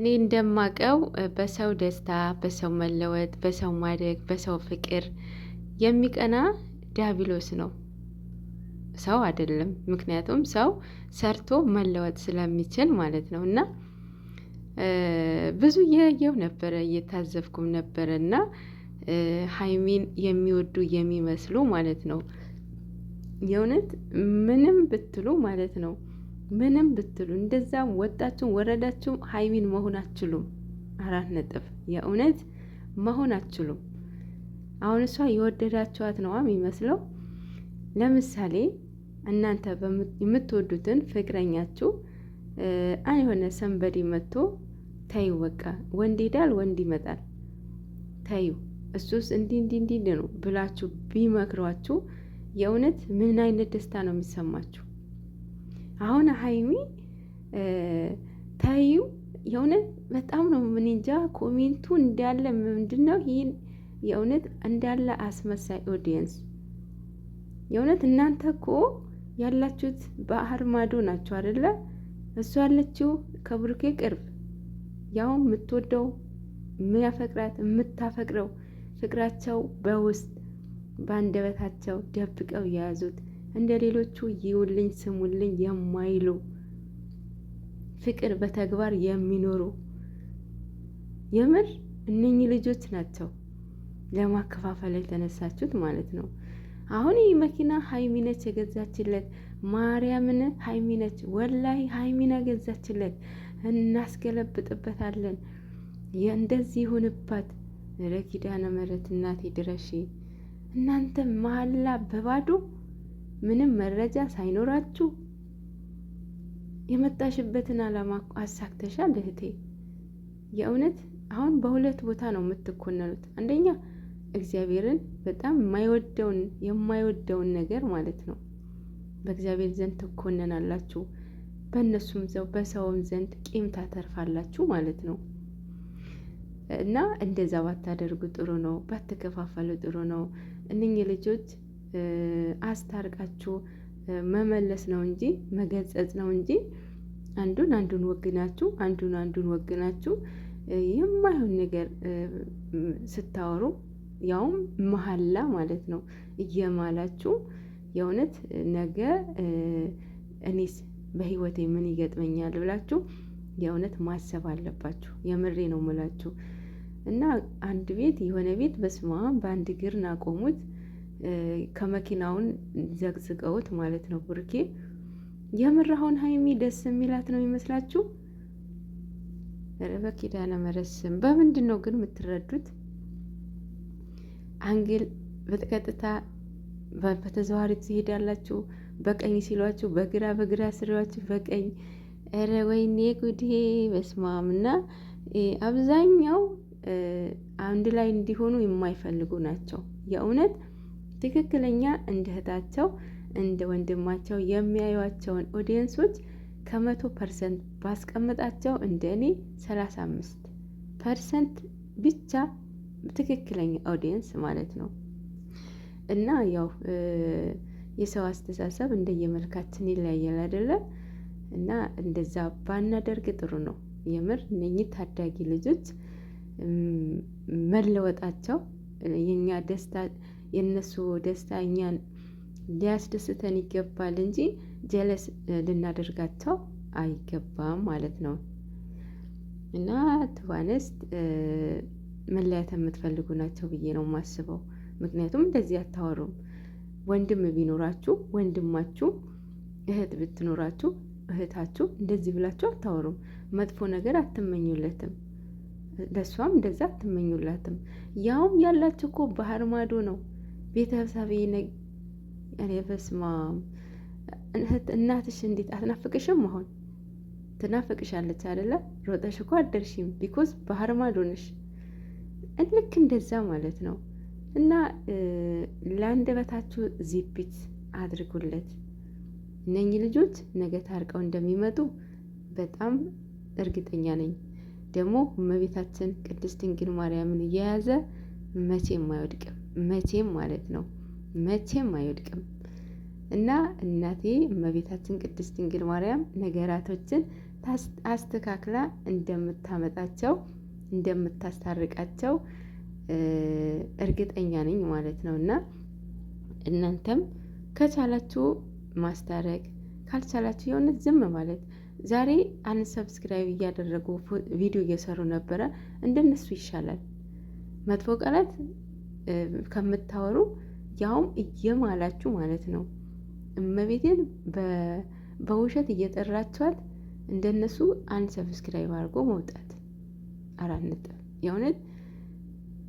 እኔ እንደማቀው በሰው ደስታ፣ በሰው መለወጥ፣ በሰው ማደግ፣ በሰው ፍቅር የሚቀና ዲያብሎስ ነው፣ ሰው አይደለም። ምክንያቱም ሰው ሰርቶ መለወጥ ስለሚችል ማለት ነው። እና ብዙ እያየሁ ነበረ እየታዘብኩም ነበረ እና ሀይሚን የሚወዱ የሚመስሉ ማለት ነው የእውነት ምንም ብትሉ ማለት ነው ምንም ብትሉ እንደዛ ወጣችሁም ወረዳችሁም ሀይሚን መሆን አችሉም አራት ነጥብ የእውነት መሆን አችሉም። አሁን እሷ የወደዳችኋት ነዋ የሚመስለው። ለምሳሌ እናንተ የምትወዱትን ፍቅረኛችሁ የሆነ ሰንበዴ መጥቶ ተዩ፣ በቃ ወንድ ዳል ወንድ ይመጣል ተዩ፣ እሱስ እንዲህ እንዲህ እንዲህ ነው ብላችሁ ቢመክሯችሁ የእውነት ምን አይነት ደስታ ነው የሚሰማችሁ? አሁን ሀይሚ ታዩ የእውነት በጣም ነው። ምን እንጃ ኮሜንቱ እንዳለ ምንድን ነው ይህን የእውነት እንዳለ አስመሳይ ኦዲየንስ የእውነት እናንተ እኮ ያላችሁት ባህር ማዶ ናቸው አደለ እሱ ያለችው ከብሩኬ ቅርብ ያው የምትወደው የሚያፈቅራት የምታፈቅረው ፍቅራቸው በውስጥ በአንደበታቸው ደብቀው የያዙት እንደ ሌሎቹ ይውልኝ ስሙልኝ የማይሉ ፍቅር በተግባር የሚኖሩ የምር እነኚህ ልጆች ናቸው ለማከፋፈል የተነሳችሁት ማለት ነው። አሁን ይህ መኪና ሀይሚነች የገዛችለት ማርያምን ሀይሚነች ወላሂ ሀይሚና ገዛችለት። እናስገለብጥበታለን እንደዚህ ይሁንባት። ረ ኪዳነ እናቴ ድረሺ እናንተ መሀላ በባዶ ምንም መረጃ ሳይኖራችሁ የመጣሽበትን ዓላማ አሳክተሻል እህቴ። የእውነት አሁን በሁለት ቦታ ነው የምትኮነኑት። አንደኛ እግዚአብሔርን በጣም የማይወደውን የማይወደውን ነገር ማለት ነው በእግዚአብሔር ዘንድ ትኮነናላችሁ፣ በእነሱም ዘው በሰውም ዘንድ ቂም ታተርፋላችሁ ማለት ነው። እና እንደዛ ባታደርጉ ጥሩ ነው፣ ባትከፋፈሉ ጥሩ ነው። እነኚህ ልጆች አስታርቃችሁ መመለስ ነው እንጂ መገጸጽ ነው እንጂ አንዱን አንዱን ወግናችሁ አንዱን አንዱን ወግናችሁ የማይሆን ነገር ስታወሩ ያውም መሀላ ማለት ነው እየማላችሁ የእውነት ነገ እኔስ በህይወቴ ምን ይገጥመኛል ብላችሁ የእውነት ማሰብ አለባችሁ። የምሬ ነው ምላችሁ እና አንድ ቤት የሆነ ቤት በስማ በአንድ እግር ናቆሙት። ከመኪናውን ዘግዝቀውት ማለት ነው። ብሩኬ የምራሁን ሀይሚ ደስ የሚላት ነው ይመስላችሁ? ኧረ በኪዳነ ምህረት በምንድን ነው ግን የምትረዱት? አንግል በቀጥታ በተዘዋሪ ትሄዳላችሁ። በቀኝ ሲሏችሁ በግራ በግራ ስሏችሁ በቀኝ ኧረ ወይኔ ጉዴ በስማም እና አብዛኛው አንድ ላይ እንዲሆኑ የማይፈልጉ ናቸው የእውነት ትክክለኛ እንደ እህታቸው እንደ ወንድማቸው የሚያዩቸውን ኦዲየንሶች ከመቶ ፐርሰንት ባስቀምጣቸው እንደ እኔ ሰላሳ አምስት ፐርሰንት ብቻ ትክክለኛ ኦዲየንስ ማለት ነው። እና ያው የሰው አስተሳሰብ እንደየመልካችን ይለያያል አይደለም። እና እንደዛ ባናደርግ ጥሩ ነው። የምር እነኚህ ታዳጊ ልጆች መለወጣቸው የእኛ ደስታ የእነሱ ደስታ እኛን ሊያስደስተን ይገባል እንጂ ጀለስ ልናደርጋቸው አይገባም ማለት ነው። እና ትዋንስት መለያት የምትፈልጉ ናቸው ብዬ ነው የማስበው። ምክንያቱም እንደዚህ አታወሩም። ወንድም ቢኖራችሁ ወንድማችሁ፣ እህት ብትኖራችሁ እህታችሁ እንደዚህ ብላችሁ አታወሩም። መጥፎ ነገር አትመኙለትም። ለእሷም እንደዛ አትመኙላትም። ያውም ያላችሁ እኮ ባህር ማዶ ነው ቤተሰብ እኔ በስማ እናትሽ እንዴት አትናፍቅሽም? አሁን ትናፍቅሻለች አደለ? ሮጠሽ እኮ አደርሽም ቢኮዝ ባህር ማዶ ነሽ። ልክ እንደዛ ማለት ነው። እና ለአንደበታችሁ ዚፒት አድርጉለት። እነኚህ ልጆች ነገ ታርቀው እንደሚመጡ በጣም እርግጠኛ ነኝ። ደግሞ እመቤታችን ቅድስት ድንግል ማርያምን እየያዘ መቼም አይወድቅም። መቼም ማለት ነው መቼም አይወድቅም። እና እናቴ እመቤታችን ቅድስት ድንግል ማርያም ነገራቶችን አስተካክላ እንደምታመጣቸው እንደምታስታርቃቸው እርግጠኛ ነኝ ማለት ነው። እና እናንተም ከቻላችሁ ማስታረቅ ካልቻላችሁ የሆነት ዝም ማለት ዛሬ አንሰብስክራይብ እያደረጉ ቪዲዮ እየሰሩ ነበረ። እንደነሱ ይሻላል። መጥፎ ቃላት ከምታወሩ ያውም እየማላችሁ ማለት ነው። እመቤቴን በውሸት እየጠራችኋት እንደነሱ አንድ ሰብስክራይብ አድርጎ መውጣት አራንጥ የእውነት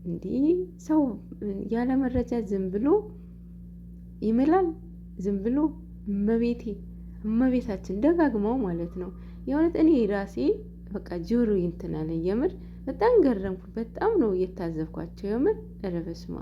እንዲህ ሰው ያለ መረጃ ዝም ብሎ ይምላል። ዝም ብሎ እመቤቴ እመቤታችን ደጋግመው ማለት ነው። የእውነት እኔ ራሴ በቃ ጆሮ ይንትናለኝ የምር በጣም ገረምኩ። በጣም ነው እየታዘብኳቸው የምር ረበስማ